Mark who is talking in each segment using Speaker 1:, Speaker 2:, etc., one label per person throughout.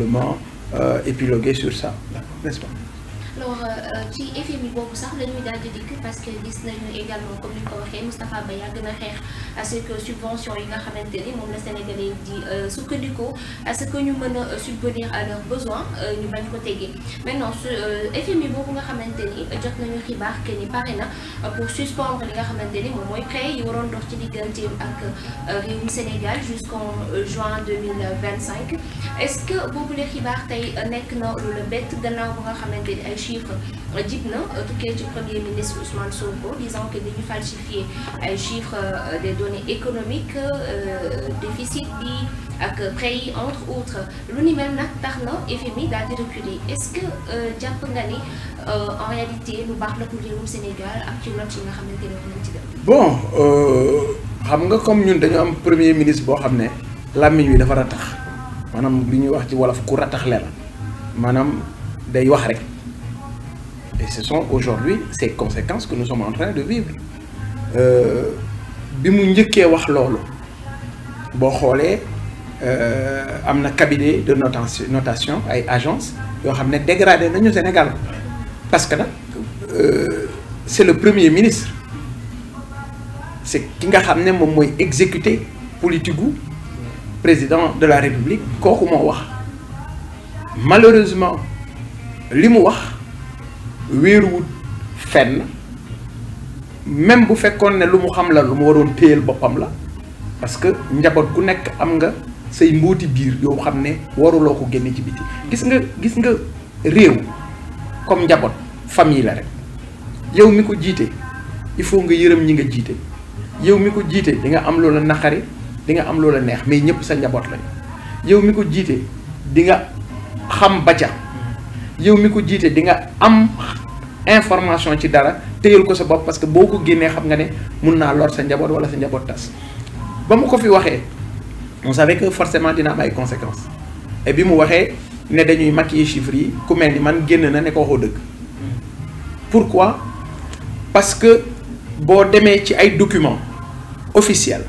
Speaker 1: simplement euh, épiloguer sur ça n'est-ce pas. alors euh, euh, ci FMI boobu sax la ñuy daal di dikk parce que gis nañu également comme ni ko waxee Moustapha Ba yaa gën a xeex à ce que subvention yi nga xamante ni moom la Sénégalais di sukkandiku à ce que ñu mën a subvenir à leurs besoins ñu bañ ko tegee maintenant su FMI boobu nga xamante ni jot nañu xibaar que ni pare na pour suspendre li nga xamante ni moom mooy prêt yi waroon dox ci digganteem ak réewum Sénégal jusqu'en juin 2025 est-ce que boobu la xibaar tey nekk na lu la bett gannaaw ba nga xamante ni ay chiffres jib na tukkee ci premier ministre Ousmane Sonko disant que dañu falsifié ay chiffres euh, des données économiques euh, déficit bi ak prêt entre autres lu ni mel nag tax na FMI daal di reculer est-ce que euh, jàpp nga ni en réalité lu baax la pour réewum Sénégal ak ci lot yi nga xamante ne moom lañ bon xam nga comme ñun dañu am premier ministre boo xam ne làmmiñ wi a ratax. maanaam li ñuy wax ci wolof ku rataxle la maanaam day wax rek et ce sont aujourd'hui ces conséquences que nous sommes en train de vivre euh, bi mu njëkkee wax loolu boo xoolee euh, am na cabinet de notation notation ay agence yoo xam ne dégradé nañu Sénégal parce que nag euh, c'est le premier ministre c'est ki nga xam ne moom mooy exécuter politique gu président de la république kooku moo wax malheureusement li mu wax wéeruwut fenn même bu fekkoon ne lu mu xam la lu mu waroon téyel boppam la parce que njaboot ku nekk am nga say mbooti biir yoo xam ne waruloo ko génne ci biti gis nga gis nga réew comme njaboot famille la rek yow mi ko jiite il faut nga yërëm ñi nga jiite yow mi ko jiite di nga am loolu naqari di nga am loola neex mais ñëpp sa njaboot lañu yow mi ko jiite di nga xam ba ca yow mi ko jiite di nga am information ci dara téyal ko sa bopp parce que boo ko génnee xam nga ne mun naa lor sa njaboot wala sa njaboot tas ba mu ko fi waxee on savait que forcément dina am ay conséquence et bi mu waxee ne dañuy yi chiffres yi ku mel ni man génn na ne ko waxoo dëgg pourquoi parce que boo demee ci ay document officiels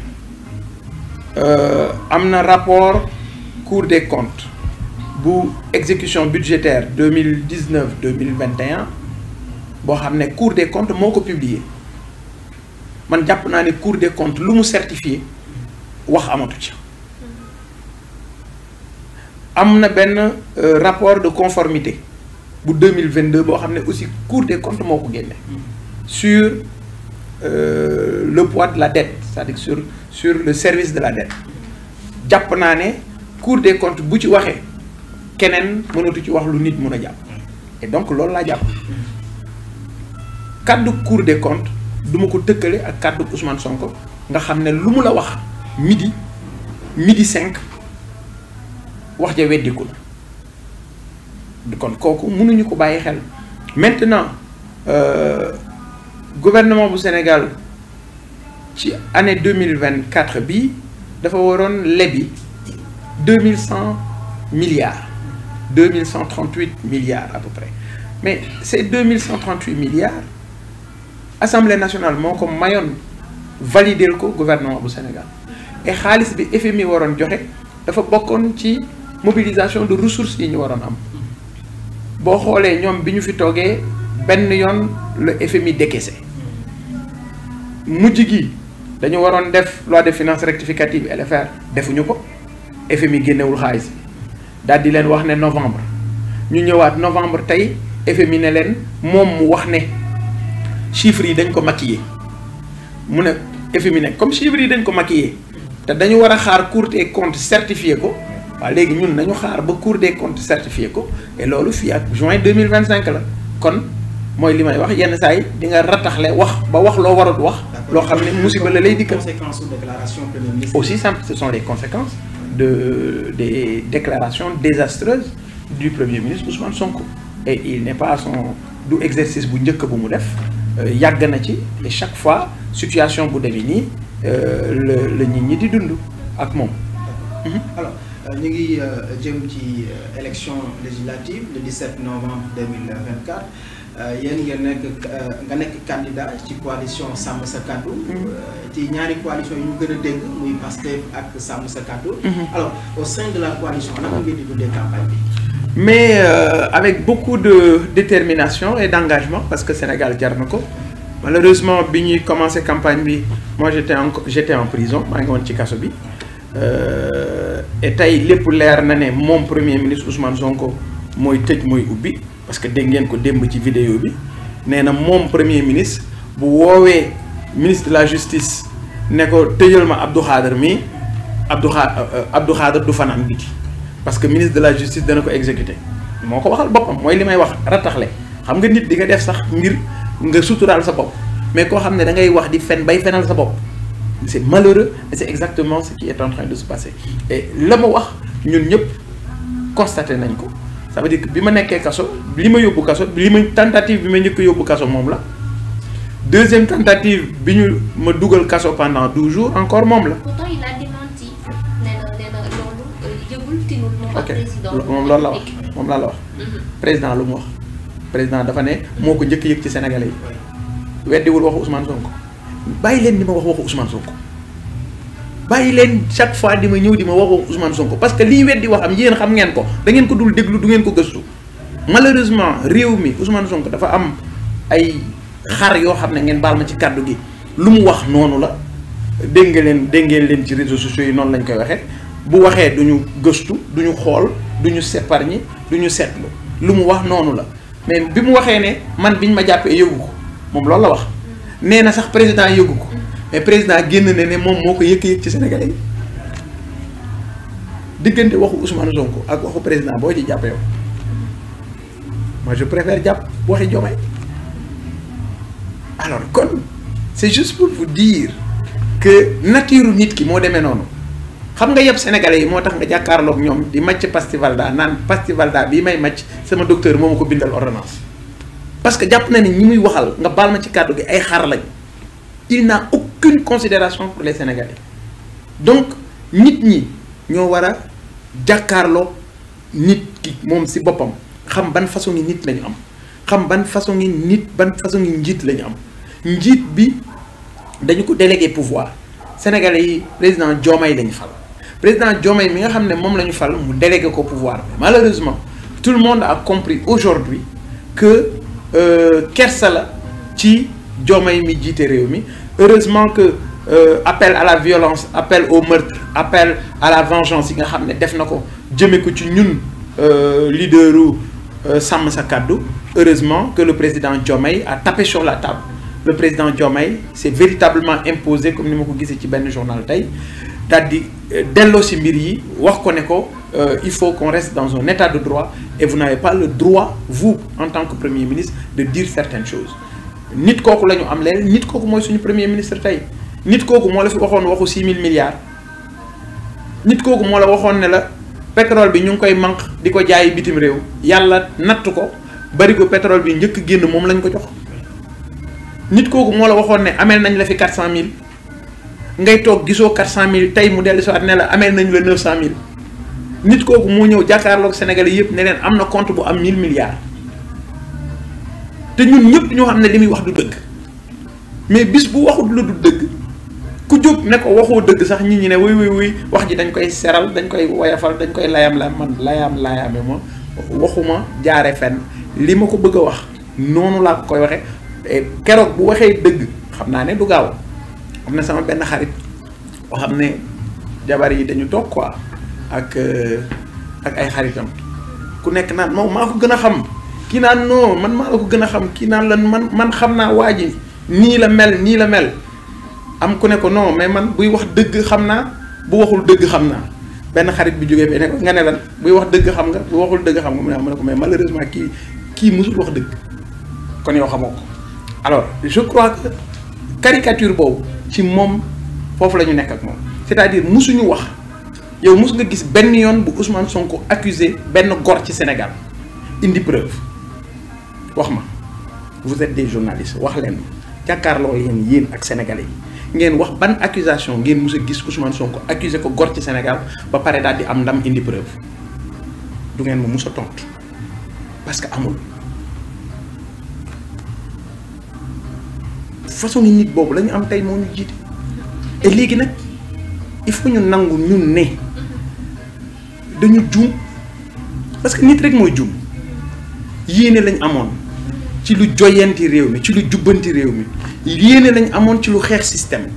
Speaker 1: Euh, am na rapport Cour des comptes bu exécution budgétaire deux mille dix neuf deux mille vingt et boo xam ne Cour des comptes moo ko publier man jàpp naa ne Cour des comptes lu mu certifié wax amatu ci am na benn euh, rapport de conformité bu deux mille vingt deux boo xam ne aussi Cour des comptes moo ko génne mm. sur euh, le poids de la dette c'est-à-dire sur sur le service de la dette jàpp naa ne Cour de comptes bu ci waxee keneen mënatu ci wax lu nit mun a jàpp et donc loolu laa jàpp kàddu Cour des comptes du ma ko tëkkale ak kàddu Ousmane Sonko nga xam ne lu mu la wax midi midi cinq wax ja weddiku la kon kooku mënuñu ko bàyyi xel maintenant euh, gouvernement bu Sénégal ci année deux mille vingt quatre bi dafa waroon lebi deux mille cent milliards deux mille cent trente huit milliards à près mais ces deux mille cent trente huit milliards assemblée nationale moo ko mayoon valider ko gouvernement bu Sénégal et xaalis bi FMI waroon joxe dafa bokkoon ci mobilisation de ressource yi ñu waroon am boo xoolee ñoom bi ñu fi toogee benn yoon le FMI décaissé. mujj gi dañu waroon def loi de finances rectificative LFR defuñu ko FMI génnewul xaalis bi daal di leen wax ne novembre ñu ñëwaat novembre tey FMI ne leen moom mu wax ne chiffres yi dañ ko maquillé mu ne FMI ne comme chiffres yi dañ ko maquillé te dañu war a xaar Cour des comptes certifié ko waaw léegi ñun nañu xaar ba Cour des comptes certifié ko loolu fii ak juin deux mille vingt cinq la kon mooy li may wax yenn saa yi di nga rattaxle wax ba wax loo warut wax. loo xam ne musiba la lay dikkal aussi simple ce sont les conséquences de des déclarations désastreuses du premier ministre Ousmane Sonko et il n'est pas son du exercice bu njëkk bu mu def euh, yàgg na ci et chaque fois situation bu demee nii la euh, la nit ñi di dund ak moom mhm. alors euh, ñu ngi jëm ci élection législative le 17 novembre 2024 Euh, yéen ngeen nekk euh, nga nekk candidat ci coalition sàmm sa kàddu mhm. euh, ci ñaari coalition yu ñu gën a dégg muy Pastef ak sàmm sa kàddu mhm. alors au la coalition naka ngeen di dundee bi mais euh, avec beaucoup de détermination et d'engagement parce que Sénégal jar na ko malheureusement bi ñuy commencé campagne bi moi j'étais en j'étais en prison maa ngi woon ci caso bi e tey lépp leer na ne moom premier ministre Ousmane Sonko mooy tëj mooy ubbi parce que dégg ngeen ko démb ci vidéo bi nee na moom premier ministre bu woowee ministre de la justice ne ko tëjal ma Abdou Khader mii Abdou Kha euh, euh, du fanaan biti parce que ministre de la justice dana ko exécuté moo ko waxal boppam mooy li may wax rataxle xam nga nit di nga def sax ngir nga suturaal sa bopp mais koo xam ne da ngay wax di fen bay fenal sa bopp c' est malheureux et c' est exactement ce qui est en de se passer la ma wax ñun ñëpp constaté nañ ko ça veut que bi ma nekkee kaso li ma yóbbu kaso li ma tentative bi ma njëkk yóbbu kaso moom la deuxième tentative bi ñu ma dugal kaso pendant douze jours encore moom la. pourtant il euh, moom ak ok moom la wax moom laa la wax. Mhm. président lu mu wax président dafa ne moo ko njëkk yëg ci Sénégalais yi weddiwul waxu Ousmane Sonko bàyyi leen ni ma wax waxu Ousmane Sonko. bàyyi leen chaque fois di ma ñëw di ma waxoo Ousmane Sonko parce que liy weddi wax am yéen xam ngeen ko da ngeen ko dul déglu du ngeen ko gëstu malheureusement réew mi Ousmane Sonko dafa am ay xar yoo xam ne ngeen baal ma ci kàddu gi lu mu wax noonu la dégg nga leen dégg ngeen leen ci réseaux sociaux yi noonu lañ koy waxee bu waxee du ñu gëstu du ñu xool du ñu sépargne du ñu seetlu lu mu wax noonu la mais bi mu waxee ne man biñ ma jàppee yëgu ko moom loolu la wax nee na sax président yëgu ko. mais président génn ne ne moom moo ko yëkk-yëkk ci Sénégalais yi diggante waxu Ousmane Sonko ak waxu président boo ci jàpp yow moi jàpp waxi Diomaye alors kon c'est juste pour vous dire que nit ki moo demee noonu xam nga yëpp sénégalais yi moo tax nga jàkkaarloog ñoom di màcc pastivalda naan pastivalda bii may màcc sama docteur moo ma ko bindal ordonnance parce que jàpp na ni ñi muy waxal nga baal ma ci kàddu gi ay xar lañ il n'a aucune considération pour les Sénégalais donc nit ñi ñoo war a jàkkaarloo nit ki moom si boppam xam ban façon ngi nit lañu am xam ban façon ngi nit ban façon ngi njiit la ñu am njiit bi dañu ko délégué pouvoir Sénégalais yi président yi lañu fal président Diomaye mi nga xam ne moom la ñu fal mu délégué ko pouvoir malheureusement tout le monde a compris aujourd'hui que euh, kersa la ci Diomaye mi jiite réew mi heureusement que euh, appel à la violence appel au meurtre appel à la vengeance yi nga xam ne def na ko jëme ko ci ñun euh, leaderu euh, sàmm sa kàddu heureusement que le président jomay a tapé sur la table le président Diomaye s'est véritablement imposé comme ni ma ko gisee ci benn journal tey daal di delloo si mbir yi wax ko ne ko il faut qu'on reste dans un état de droit et vous n'avez pas le droit vous en tant que premier ministre de dire certaines choses nit kooku la ñu am leen nit kooku mooy suñu premier ministre tey nit kooku moo la fi waxoon waxu six mil milliards nit kooku moo la waxoon ne la pétrole bi ñu ngi koy manq di ko jaayi bitim réew yàlla natt ko bari ko pétrole bi njëkk génn moom lañ ko jox nit kooku moo la waxoon ne ameel nañ la fi quatre cent mille ngay toog gisoo quatre cent mille tey mu dellu si at ne la amee nañ la neuf cent mille nit kooku moo ñëw jàkkaarloog Sénégalais yëpp ne leen am na compte bu am mille milliards te ñun ñëpp ñoo xam ne li muy wax du dëgg mais bis bu waxut lu du dëgg ku jóg ne ko waxoo dëgg sax nit ñi ne wuy wuy wuy wax ji dañ koy seral dañ koy woyafal dañ koy layam la man layam layaame ma waxuma jaare fen li ma ko bëgg a wax noonu laa ko koy waxee keroog bu waxee dëgg xam naa ne du gaaw am na sama benn xarit boo xam ne jabar yi dañu toog quoi ak euh, ak ay xaritam ku nekk naan moom maa ko gën a xam kii naan non man maa la ko gën a xam kii naan lan man man xam naa waa ji nii la mel nii la mel am ku ne ko non mais man buy wax dëgg xam naa bu waxul dëgg xam naa benn xarit bi jógee fee ne ko nga ne lan buy wax dëgg xam nga bu waxul dëgg xam nga mu ne ah, ma ne ko mais malheureusement kii kii musul wax dëgg kon yow xamoo ko alors je crois que caricature boobu ci moom foofu la ñu nekk ak moom c'est-à-dire musuñu wax yow mus nga gis benn yoon bu Ousmane Sonko accusé benn gor ci Sénégal indi preuve wax ma vous êtes des journalistes wax leen jàkkaarloo leen yéen ak sénégal yi ngeen wax ban accusation ngeen mus a gis soo ko accusé ko gor ci Sénégal ba pare daal di am ndam indi preuve du ngeen ma mus a tontu parce que amul façon nit boobu la am tey moo ñu jiite et léegi nag il faut ñu nangu ñun ne dañu juum parce que nit rek mooy juum yéene lañ amoon. ci lu joyanti réew mi ci lu jubbanti réew mi yéene lañ amoon ci lu xeex système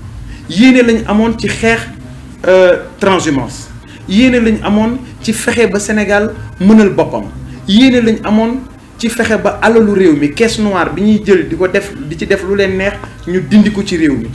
Speaker 1: yéene lañ amoon ci xeex euh, transhumance yéene lañ amoon ci fexe ba Sénégal mënal boppam yéene lañ amoon ci fexe ba alalu réew mi caisse noire bi ñuy jël di ko def di ci def lu leen neex ñu dindi ko ci réew mi